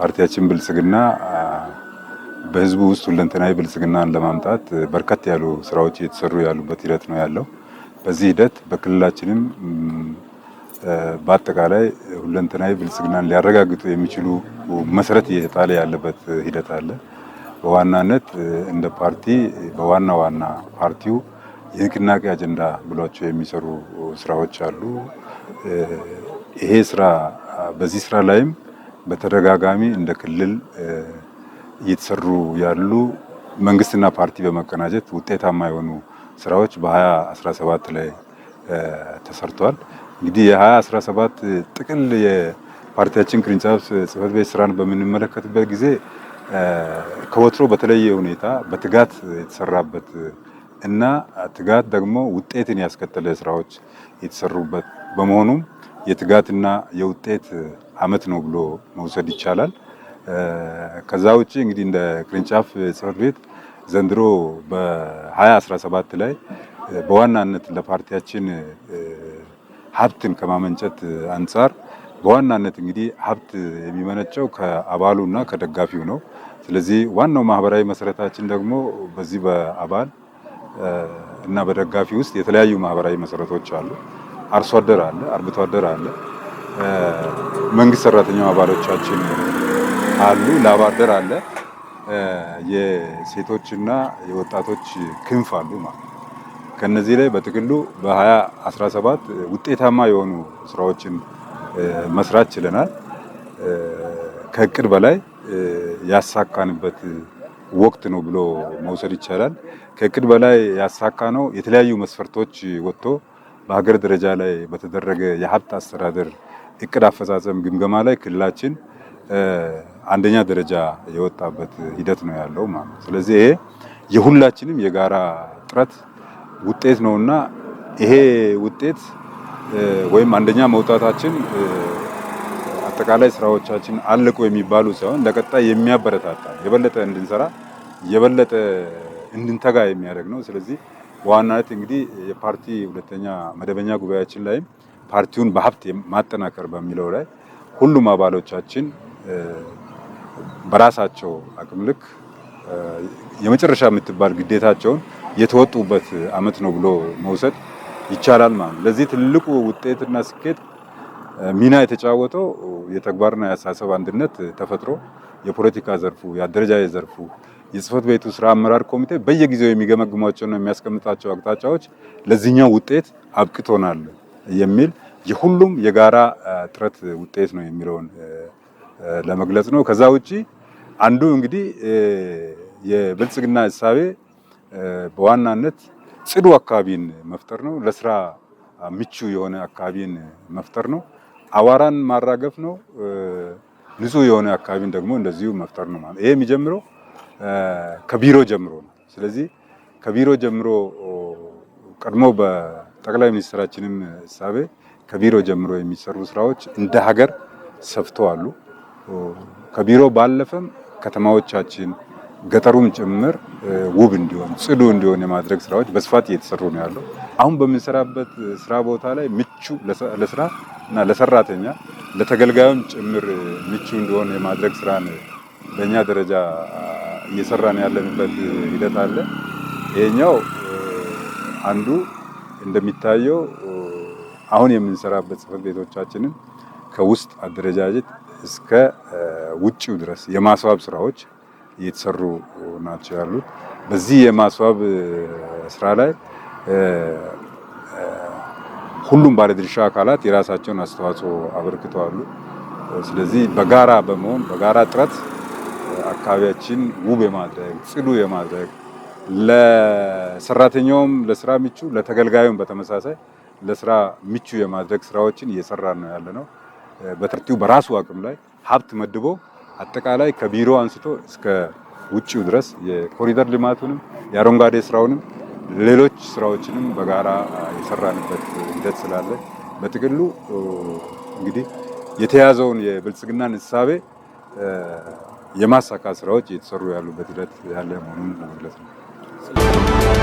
ፓርቲያችን ብልጽግና በህዝቡ ውስጥ ሁለንተናዊ ብልጽግናን ለማምጣት በርከት ያሉ ስራዎች እየተሰሩ ያሉበት ሂደት ነው ያለው። በዚህ ሂደት በክልላችንም በአጠቃላይ ሁለንተናዊ ብልጽግናን ሊያረጋግጡ የሚችሉ መሰረት እየተጣለ ያለበት ሂደት አለ። በዋናነት እንደ ፓርቲ በዋና ዋና ፓርቲው የንቅናቄ አጀንዳ ብሏቸው የሚሰሩ ስራዎች አሉ። ይሄ ስራ በዚህ ስራ ላይም በተደጋጋሚ እንደ ክልል እየተሰሩ ያሉ መንግስትና ፓርቲ በመቀናጀት ውጤታማ የሆኑ ስራዎች በ2017 ላይ ተሰርተዋል። እንግዲህ የ2017 ጥቅል የፓርቲያችን ቅርንጫፍ ጽህፈት ቤት ስራን በምንመለከትበት ጊዜ ከወትሮ በተለየ ሁኔታ በትጋት የተሰራበት እና ትጋት ደግሞ ውጤትን ያስከተለ ስራዎች የተሰሩበት በመሆኑም የትጋትና የውጤት አመት ነው ብሎ መውሰድ ይቻላል። ከዛ ውጭ እንግዲህ እንደ ቅርንጫፍ ጽህፈት ቤት ዘንድሮ በ2017 ላይ በዋናነት ለፓርቲያችን ሀብትን ከማመንጨት አንጻር በዋናነት እንግዲህ ሀብት የሚመነጨው ከአባሉ እና ከደጋፊው ነው። ስለዚህ ዋናው ማህበራዊ መሰረታችን ደግሞ በዚህ በአባል እና በደጋፊ ውስጥ የተለያዩ ማህበራዊ መሰረቶች አሉ። አርሶ አደር አለ፣ አርብቶ አደር አለ፣ መንግስት ሰራተኛው አባሎቻችን አሉ፣ ላባ አደር አለ፣ የሴቶችና የወጣቶች ክንፍ አሉ ማለት ነው። ከነዚህ ላይ በጥቅሉ በ2017 ውጤታማ የሆኑ ስራዎችን መስራት ችለናል። ከእቅድ በላይ ያሳካንበት ወቅት ነው ብሎ መውሰድ ይቻላል። ከእቅድ በላይ ያሳካ ነው የተለያዩ መስፈርቶች ወጥቶ በሀገር ደረጃ ላይ በተደረገ የሀብት አስተዳደር እቅድ አፈጻጸም ግምገማ ላይ ክልላችን አንደኛ ደረጃ የወጣበት ሂደት ነው ያለው ማለት። ስለዚህ ይሄ የሁላችንም የጋራ ጥረት ውጤት እና ይሄ ውጤት ወይም አንደኛ መውጣታችን አጠቃላይ ስራዎቻችን አለቁ የሚባሉ ሳይሆን ለቀጣይ የሚያበረታታ የበለጠ እንድንሰራ የበለጠ እንድንተጋ የሚያደርግ ነው። ስለዚህ በዋናነት እንግዲህ የፓርቲ ሁለተኛ መደበኛ ጉባኤያችን ላይም ፓርቲውን በሀብት ማጠናከር በሚለው ላይ ሁሉም አባሎቻችን በራሳቸው አቅም ልክ የመጨረሻ የምትባል ግዴታቸውን የተወጡበት አመት ነው ብሎ መውሰድ ይቻላል ማለት ነው። ለዚህ ትልቁ ውጤትና ስኬት ሚና የተጫወተው የተግባርና የአስተሳሰብ አንድነት ተፈጥሮ የፖለቲካ ዘርፉ የአደረጃጀት ዘርፉ የጽህፈት ቤቱ ስራ አመራር ኮሚቴ በየጊዜው የሚገመግሟቸውና የሚያስቀምጣቸው አቅጣጫዎች ለዚህኛው ውጤት አብቅቶናል የሚል የሁሉም የጋራ ጥረት ውጤት ነው የሚለውን ለመግለጽ ነው። ከዛ ውጭ አንዱ እንግዲህ የብልጽግና እሳቤ በዋናነት ጽዱ አካባቢን መፍጠር ነው። ለስራ ምቹ የሆነ አካባቢን መፍጠር ነው። አዋራን ማራገፍ ነው። ንጹህ የሆነ አካባቢን ደግሞ እንደዚሁ መፍጠር ነው ማለት ይሄ የሚጀምረው ከቢሮ ጀምሮ ነው። ስለዚህ ከቢሮ ጀምሮ ቀድሞ በጠቅላይ ሚኒስትራችንም እሳቤ ከቢሮ ጀምሮ የሚሰሩ ስራዎች እንደ ሀገር ሰፍተው አሉ። ከቢሮ ባለፈም ከተማዎቻችን ገጠሩም ጭምር ውብ እንዲሆን ጽዱ እንዲሆን የማድረግ ስራዎች በስፋት እየተሰሩ ነው ያለው። አሁን በምንሰራበት ስራ ቦታ ላይ ምቹ ለስራ እና ለሰራተኛ ለተገልጋዩም ጭምር ምቹ እንዲሆን የማድረግ ስራን በእኛ ደረጃ እየሰራን ያለንበት ሂደት አለ። ይሄኛው አንዱ እንደሚታየው አሁን የምንሰራበት ጽህፈት ቤቶቻችንን ከውስጥ አደረጃጀት እስከ ውጭው ድረስ የማስዋብ ስራዎች እየተሰሩ ናቸው ያሉት። በዚህ የማስዋብ ስራ ላይ ሁሉም ባለድርሻ አካላት የራሳቸውን አስተዋጽኦ አበርክተዋል። ስለዚህ በጋራ በመሆን በጋራ ጥረት አካባቢያችን ውብ የማድረግ ጽዱ የማድረግ ለሰራተኛውም ለስራ ምቹ ለተገልጋዩም በተመሳሳይ ለስራ ምቹ የማድረግ ስራዎችን እየሰራን ነው ያለ ነው። በተርቲው በራሱ አቅም ላይ ሀብት መድቦ አጠቃላይ ከቢሮ አንስቶ እስከ ውጭው ድረስ የኮሪደር ልማቱንም የአረንጓዴ ስራውንም ሌሎች ስራዎችንም በጋራ የሰራንበት ሂደት ስላለ በጥቅሉ እንግዲህ የተያዘውን የብልጽግናን እሳቤ የማሳካት ስራዎች እየተሰሩ ያሉበት ሂደት ያለ መሆኑን ለመግለጽ ነው።